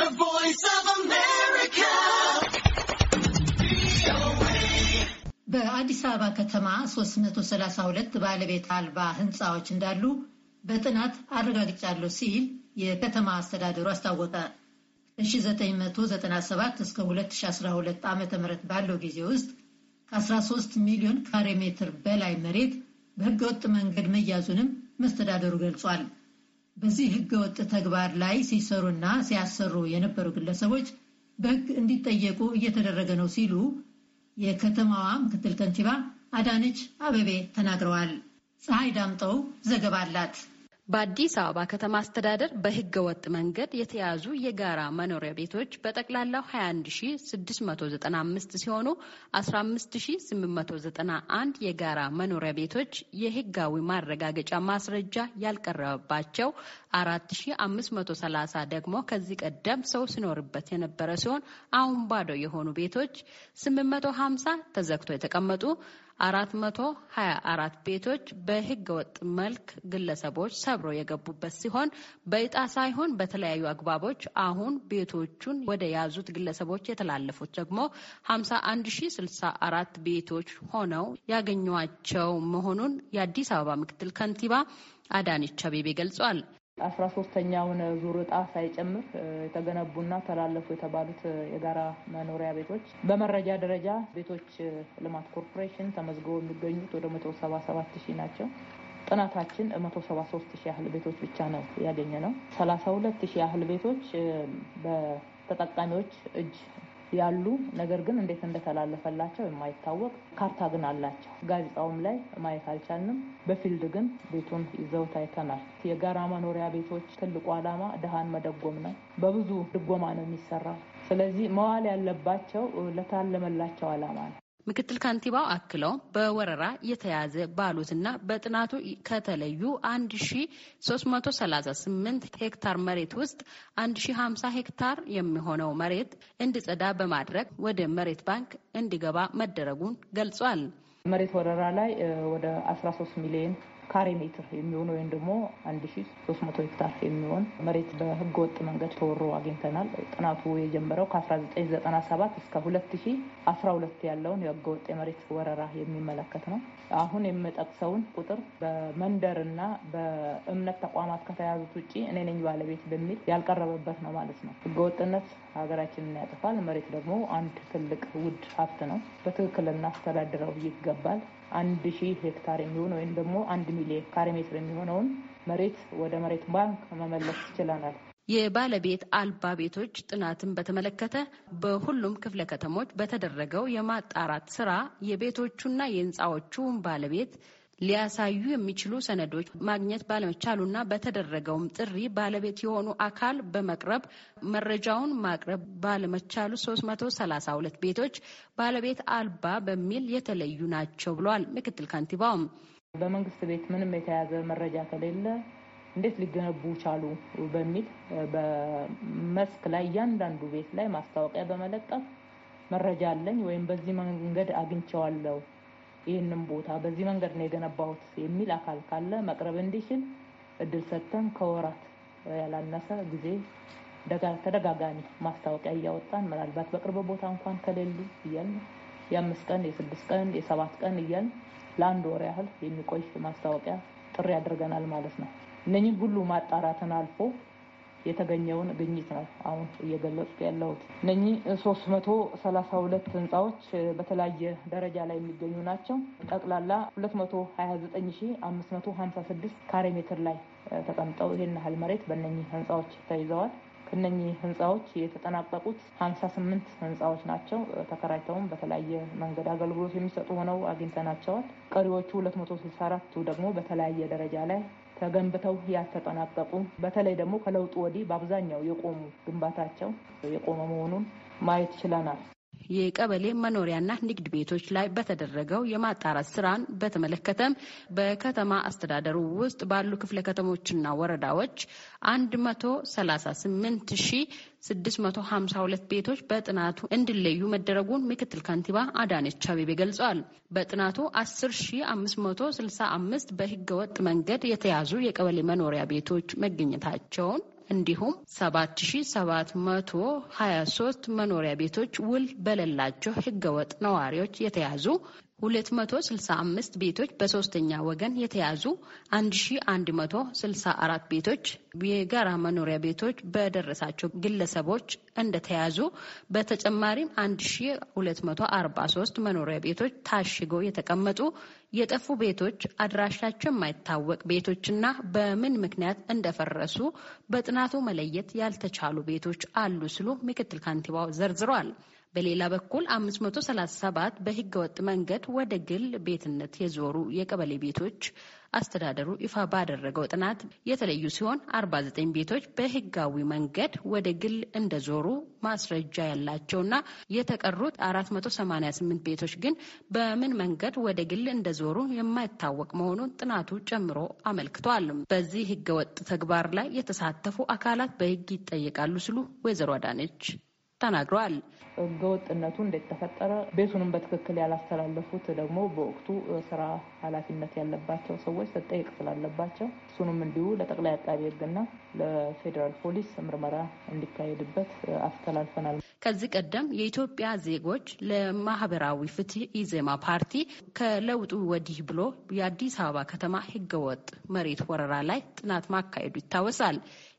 The Voice of America. በአዲስ አበባ ከተማ 332 ባለቤት አልባ ህንፃዎች እንዳሉ በጥናት አረጋግጫለሁ ሲል የከተማ አስተዳደሩ አስታወቀ። ከ1997 እስከ 2012 ዓ ም ባለው ጊዜ ውስጥ ከ13 ሚሊዮን ካሬ ሜትር በላይ መሬት በህገወጥ መንገድ መያዙንም መስተዳደሩ ገልጿል። በዚህ ህገወጥ ተግባር ላይ ሲሰሩና ሲያሰሩ የነበሩ ግለሰቦች በህግ እንዲጠየቁ እየተደረገ ነው ሲሉ የከተማዋ ምክትል ከንቲባ አዳነች አበቤ ተናግረዋል። ፀሐይ ዳምጠው ዘገባ አላት። በአዲስ አበባ ከተማ አስተዳደር በህገ ወጥ መንገድ የተያዙ የጋራ መኖሪያ ቤቶች በጠቅላላው 21695 ሲሆኑ 15891 የጋራ መኖሪያ ቤቶች የህጋዊ ማረጋገጫ ማስረጃ ያልቀረበባቸው፣ 4530 ደግሞ ከዚህ ቀደም ሰው ሲኖርበት የነበረ ሲሆን አሁን ባዶ የሆኑ ቤቶች 850 ተዘግቶ የተቀመጡ 424 ቤቶች በህገ ወጥ መልክ ግለሰቦች አብረው የገቡበት ሲሆን በእጣ ሳይሆን በተለያዩ አግባቦች አሁን ቤቶቹን ወደ ያዙት ግለሰቦች የተላለፉት ደግሞ 51064 ቤቶች ሆነው ያገኟቸው መሆኑን የአዲስ አበባ ምክትል ከንቲባ አዳነች አቤቤ ገልጿል። አስራ ሶስተኛውን ዙር እጣ ሳይጨምር የተገነቡና ተላለፉ የተባሉት የጋራ መኖሪያ ቤቶች በመረጃ ደረጃ ቤቶች ልማት ኮርፖሬሽን ተመዝግበው የሚገኙት ወደ መቶ ሰባ ሰባት ሺህ ናቸው። ጥናታችን 173 ሺህ ያህል ቤቶች ብቻ ነው ያገኘ ነው። 32 ሺህ ያህል ቤቶች በተጠቃሚዎች እጅ ያሉ ነገር ግን እንዴት እንደተላለፈላቸው የማይታወቅ ካርታ ግን አላቸው። ጋዜጣውም ላይ ማየት አልቻልንም። በፊልድ ግን ቤቱን ይዘው ታይተናል። የጋራ መኖሪያ ቤቶች ትልቁ ዓላማ ድሃን መደጎም ነው። በብዙ ድጎማ ነው የሚሰራው። ስለዚህ መዋል ያለባቸው ለታለመላቸው ዓላማ ነው። ምክትል ከንቲባው አክለው በወረራ የተያዘ ባሉትና በጥናቱ ከተለዩ 1338 ሄክታር መሬት ውስጥ 1050 ሄክታር የሚሆነው መሬት እንዲጸዳ በማድረግ ወደ መሬት ባንክ እንዲገባ መደረጉን ገልጿል። መሬት ወረራ ላይ ወደ 13 ሚሊዮን ካሬ ሜትር የሚሆን ወይም ደግሞ ሺ መቶ ሄክታር የሚሆን መሬት በህገ ወጥ መንገድ ተወሮ አግኝተናል። ጥናቱ የጀመረው ከ1997 እስከ 2012 ያለውን የህገ ወጥ የመሬት ወረራ የሚመለከት ነው። አሁን የምጠቅሰውን ቁጥር በመንደር ና በእምነት ተቋማት ከተያዙት ውጭ እኔ ነኝ ባለቤት በሚል ያልቀረበበት ነው ማለት ነው። ህገ ወጥነት ሀገራችንን ያጠፋል። መሬት ደግሞ አንድ ትልቅ ውድ ሀብት ነው። በትክክል አስተዳድረው ይገባል። አንድ ሺህ ሄክታር የሚሆን ወይም ደግሞ አንድ ሚሊዮን ካሬ ሜትር የሚሆነውን መሬት ወደ መሬት ባንክ መመለስ ችለናል። የባለቤት አልባ ቤቶች ጥናትን በተመለከተ በሁሉም ክፍለ ከተሞች በተደረገው የማጣራት ስራ የቤቶቹና የህንፃዎቹ ባለቤት ሊያሳዩ የሚችሉ ሰነዶች ማግኘት ባለመቻሉና በተደረገውም ጥሪ ባለቤት የሆኑ አካል በመቅረብ መረጃውን ማቅረብ ባለመቻሉ 332 ቤቶች ባለቤት አልባ በሚል የተለዩ ናቸው ብለዋል ምክትል ከንቲባውም። በመንግስት ቤት ምንም የተያዘ መረጃ ከሌለ እንዴት ሊገነቡ ቻሉ በሚል በመስክ ላይ እያንዳንዱ ቤት ላይ ማስታወቂያ በመለጠፍ መረጃ አለኝ ወይም በዚህ መንገድ አግኝቸዋለው። ይህንን ቦታ በዚህ መንገድ ነው የገነባሁት የሚል አካል ካለ መቅረብ እንዲችል እድል ሰጥተን ከወራት ያላነሰ ጊዜ ተደጋጋሚ ማስታወቂያ እያወጣን ምናልባት በቅርብ ቦታ እንኳን ከሌሉ እያል የአምስት ቀን የስድስት ቀን የሰባት ቀን እያል ለአንድ ወር ያህል የሚቆይ ማስታወቂያ ጥሪ ያደርገናል ማለት ነው። እነኚህ ሁሉ ማጣራትን አልፎ የተገኘውን ግኝት ነው አሁን እየገለጽኩ ያለሁት። እነኚህ ሶስት መቶ ሰላሳ ሁለት ህንፃዎች በተለያየ ደረጃ ላይ የሚገኙ ናቸው። ጠቅላላ ሁለት መቶ ሀያ ዘጠኝ ሺ አምስት መቶ ሀምሳ ስድስት ካሬ ሜትር ላይ ተቀምጠው ይህን ያህል መሬት በእነኚህ ህንፃዎች ተይዘዋል። ከነኚህ ህንፃዎች የተጠናቀቁት ሀምሳ ስምንት ህንፃዎች ናቸው። ተከራይተውም በተለያየ መንገድ አገልግሎት የሚሰጡ ሆነው አግኝተናቸዋል። ቀሪዎቹ ሁለት መቶ ስልሳ አራቱ ደግሞ በተለያየ ደረጃ ላይ ተገንብተው ያልተጠናቀቁ በተለይ ደግሞ ከለውጡ ወዲህ በአብዛኛው የቆሙ ግንባታቸው የቆመ መሆኑን ማየት ችለናል። የቀበሌ መኖሪያና ንግድ ቤቶች ላይ በተደረገው የማጣራት ስራን በተመለከተም በከተማ አስተዳደሩ ውስጥ ባሉ ክፍለ ከተሞችና ወረዳዎች 38ሺ 652 ቤቶች በጥናቱ እንዲለዩ መደረጉን ምክትል ከንቲባ አዳነች አቤቤ ገልጿል። በጥናቱ 10565 በህገወጥ መንገድ የተያዙ የቀበሌ መኖሪያ ቤቶች መገኘታቸውን እንዲሁም 7723 መኖሪያ ቤቶች ውል በሌላቸው ህገወጥ ነዋሪዎች የተያዙ 265 ቤቶች በሶስተኛ ወገን የተያዙ 1164 ቤቶች የጋራ መኖሪያ ቤቶች በደረሳቸው ግለሰቦች እንደተያዙ በተጨማሪም 1243 መኖሪያ ቤቶች ታሽገው የተቀመጡ የጠፉ ቤቶች አድራሻቸው የማይታወቅ ቤቶችና በምን ምክንያት እንደፈረሱ በጥናቱ መለየት ያልተቻሉ ቤቶች አሉ ሲሉ ምክትል ካንቲባው ዘርዝረዋል። በሌላ በኩል 537 በህገወጥ መንገድ ወደ ግል ቤትነት የዞሩ የቀበሌ ቤቶች አስተዳደሩ ይፋ ባደረገው ጥናት የተለዩ ሲሆን 49 ቤቶች በህጋዊ መንገድ ወደ ግል እንደዞሩ ማስረጃ ያላቸውና የተቀሩት 488 ቤቶች ግን በምን መንገድ ወደ ግል እንደዞሩ የማይታወቅ መሆኑን ጥናቱ ጨምሮ አመልክቷል። በዚህ ህገወጥ ተግባር ላይ የተሳተፉ አካላት በህግ ይጠየቃሉ ሲሉ ወይዘሮ አዳነች ተናግረዋል። ህገወጥነቱ እንደተፈጠረ ቤቱንም በትክክል ያላስተላለፉት ደግሞ በወቅቱ ስራ ኃላፊነት ያለባቸው ሰዎች ተጠየቅ ስላለባቸው እሱንም እንዲሁ ለጠቅላይ አቃቢ ህግና ለፌዴራል ፖሊስ ምርመራ እንዲካሄድበት አስተላልፈናል። ከዚህ ቀደም የኢትዮጵያ ዜጎች ለማህበራዊ ፍትህ ኢዜማ ፓርቲ ከለውጡ ወዲህ ብሎ የአዲስ አበባ ከተማ ህገወጥ መሬት ወረራ ላይ ጥናት ማካሄዱ ይታወሳል።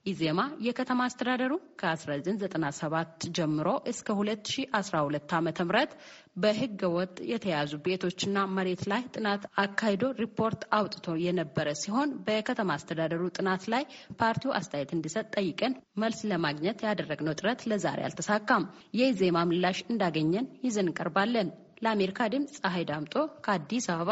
ኢዜማ የከተማ አስተዳደሩ ከ1997 ጀምሮ እስከ 2012 ዓ ም በህገ ወጥ የተያዙ ቤቶችና መሬት ላይ ጥናት አካሂዶ ሪፖርት አውጥቶ የነበረ ሲሆን በከተማ አስተዳደሩ ጥናት ላይ ፓርቲው አስተያየት እንዲሰጥ ጠይቀን መልስ ለማግኘት ያደረግነው ጥረት ለዛሬ አልተሳካም። የኢዜማ ምላሽ እንዳገኘን ይዘን እንቀርባለን። ለአሜሪካ ድምፅ ፀሐይ ዳምጦ ከአዲስ አበባ